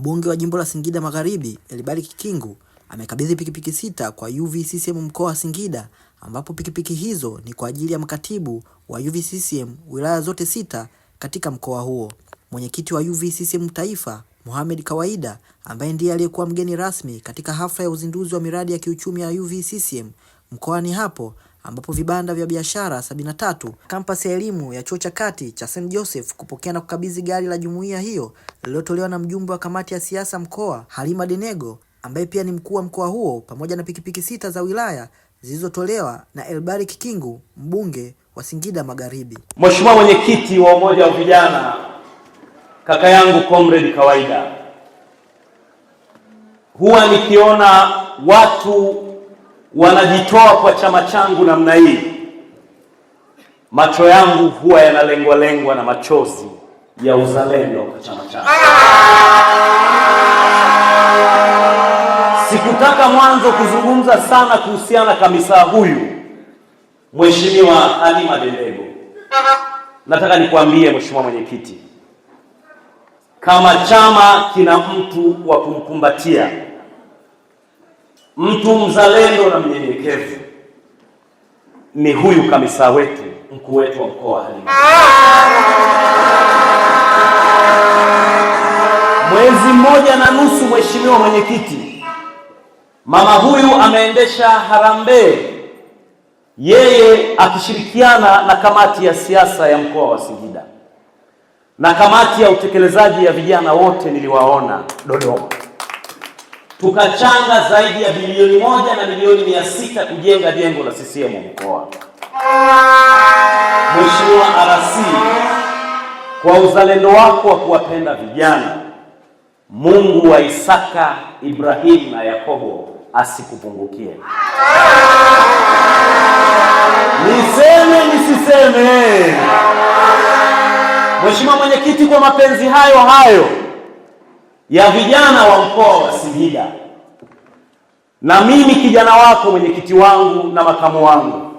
Mbunge wa jimbo la Singida Magharibi Elibariki kikingu amekabidhi pikipiki sita kwa UVCCM mkoa wa Singida ambapo pikipiki hizo ni kwa ajili ya mkatibu wa UVCCM wilaya zote sita katika mkoa huo. Mwenyekiti wa UVCCM Taifa Mohamed Kawaida ambaye ndiye aliyekuwa mgeni rasmi katika hafla ya uzinduzi wa miradi ya kiuchumi ya UVCCM mkoani hapo ambapo vibanda vya biashara tatu kampasi ya elimu ya chuo cha kati cha St. Joseph kupokea na kukabidhi gari la jumuiya hiyo lililotolewa na mjumbe wa kamati ya siasa mkoa Halima Denego ambaye pia ni mkuu wa mkoa huo pamoja na pikipiki sita za wilaya zilizotolewa na Elbarik Kingu mbunge wa Singida Magharibi. Mheshimiwa mwenyekiti wa umoja wa vijana kaka yangu comrade Kawaida, huwa nikiona watu wanajitoa kwa chama changu namna hii, macho yangu huwa yanalengwa lengwa na machozi ya uzalendo kwa chama changu. Sikutaka mwanzo kuzungumza sana kuhusiana kamisa huyu Mheshimiwa Halima Dendego. Nataka nikwambie Mheshimiwa Mwenyekiti, kama chama kina mtu wa kumkumbatia mtu mzalendo na mnyenyekevu ni huyu kamisa wetu, mkuu wetu wa mkoa Mwezi mmoja na nusu, mheshimiwa mwenyekiti, mama huyu ameendesha harambee, yeye akishirikiana na kamati ya siasa ya mkoa wa Singida na kamati ya utekelezaji ya vijana wote niliwaona Dodoma tukachanga zaidi ya bilioni moja na milioni mia sita kujenga jengo la CCM mkoa. Mheshimiwa RC, kwa uzalendo wako wa kuwapenda vijana, Mungu wa Isaka, Ibrahimu na Yakobo asikupungukie. Niseme nisiseme? Mheshimiwa Mwenyekiti, kwa mapenzi hayo hayo ya vijana wa mkoa wa Singida, na mimi kijana wako mwenyekiti wangu na makamu wangu,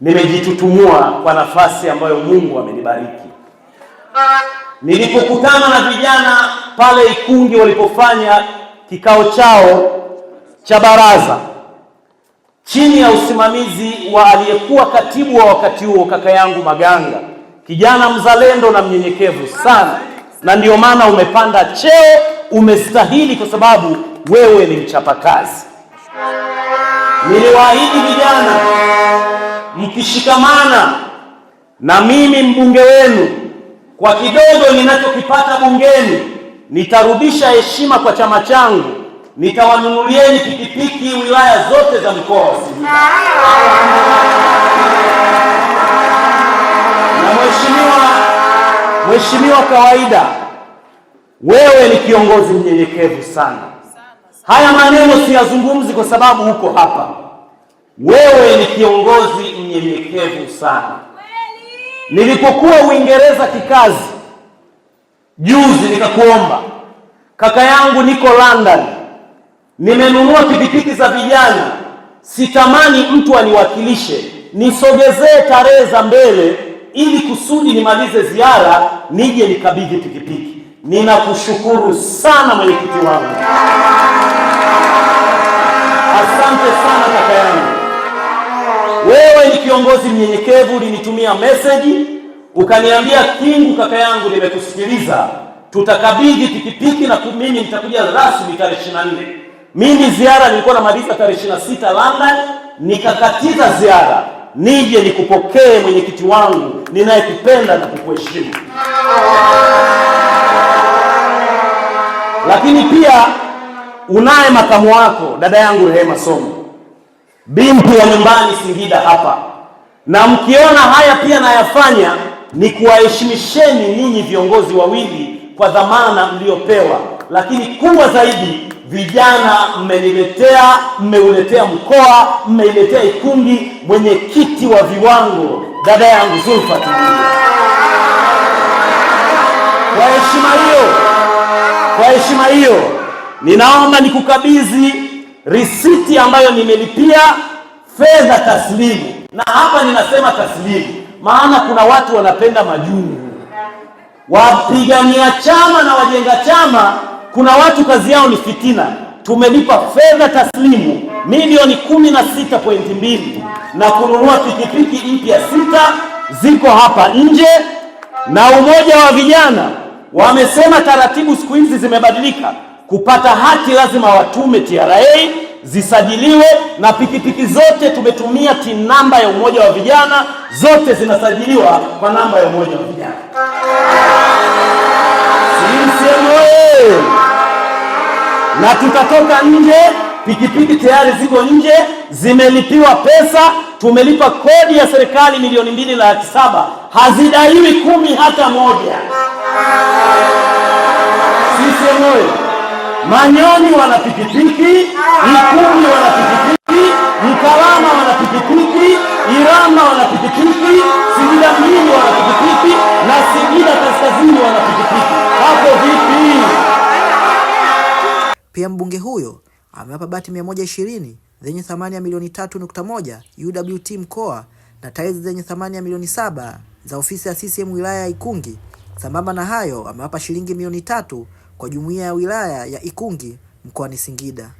nimejitutumua kwa nafasi ambayo Mungu amenibariki. Nilipokutana na vijana pale Ikungi walipofanya kikao chao cha baraza chini ya usimamizi wa aliyekuwa katibu wa wakati huo kaka yangu Maganga, kijana mzalendo na mnyenyekevu sana na ndio maana umepanda cheo, umestahili kwa sababu wewe ni mchapakazi. Niliwaahidi vijana, mkishikamana na mimi mbunge wenu, kwa kidogo ninachokipata bungeni nitarudisha heshima kwa chama changu, nitawanunulieni pikipiki wilaya zote za mkoa wa Singida. Mheshimiwa, kawaida wewe ni kiongozi mnyenyekevu sana. Haya maneno siyazungumzi kwa sababu huko hapa. Wewe ni kiongozi mnyenyekevu sana. Nilipokuwa Uingereza kikazi juzi, nikakuomba kaka yangu, niko London, nimenunua pikipiki za vijana, sitamani mtu aniwakilishe, nisogezee tarehe za mbele ili kusudi nimalize ziara nije nikabidhi pikipiki. Ninakushukuru sana mwenyekiti wangu, asante sana kaka yangu. Wewe ni kiongozi mnyenyekevu, ulinitumia meseji ukaniambia, Kingu kaka yangu, nimekusikiliza, tutakabidhi pikipiki na mimi nitakuja rasmi tarehe 24. Mimi ziara nilikuwa namaliza tarehe 26 London, nikakatiza ziara nije nikupokee mwenyekiti wangu ninayekupenda na kukuheshimu. Lakini pia unaye makamu wako dada yangu Rehema Somo, binti wa nyumbani Singida hapa, na mkiona haya pia nayafanya ni kuwaheshimisheni ninyi viongozi wawili kwa dhamana mliopewa, lakini kubwa zaidi Vijana mmeniletea, mmeuletea mkoa, mmeiletea Ikungi, mwenyekiti wa viwango dada yangu Zulfa. Kwa heshima hiyo, kwa heshima hiyo, ninaomba nikukabidhi risiti ambayo nimelipia fedha taslimu, na hapa ninasema taslimu maana kuna watu wanapenda majungu. Wapigania chama na wajenga chama kuna watu kazi yao ni fitina. Tumelipa fedha taslimu milioni kumi na sita pointi mbili na kununua pikipiki mpya sita ziko hapa nje, na umoja wa vijana wamesema taratibu siku hizi zimebadilika, kupata hati lazima watume TRA zisajiliwe, na pikipiki zote tumetumia TIN namba ya umoja wa vijana, zote zinasajiliwa kwa namba ya umoja wa vijana. CCM Na tutatoka nje, pikipiki tayari ziko nje, zimelipiwa pesa, tumelipa kodi ya serikali milioni mbili na laki saba, hazidaiwi kumi hata moja. sisiemu Manyoni wana pikipiki, Ikumi wana pikipiki, Mkalama wana pikipiki, Irama wana pikipiki, Singida mjini wana pikipiki na Singida kaskazini wana pikipiki. Pia mbunge huyo amewapa bati 120 zenye thamani ya milioni 3.1 UWT mkoa na tiles zenye thamani ya milioni saba za ofisi ya CCM wilaya ya Ikungi. Sambamba na hayo amewapa shilingi milioni tatu kwa jumuiya ya wilaya ya Ikungi mkoani Singida.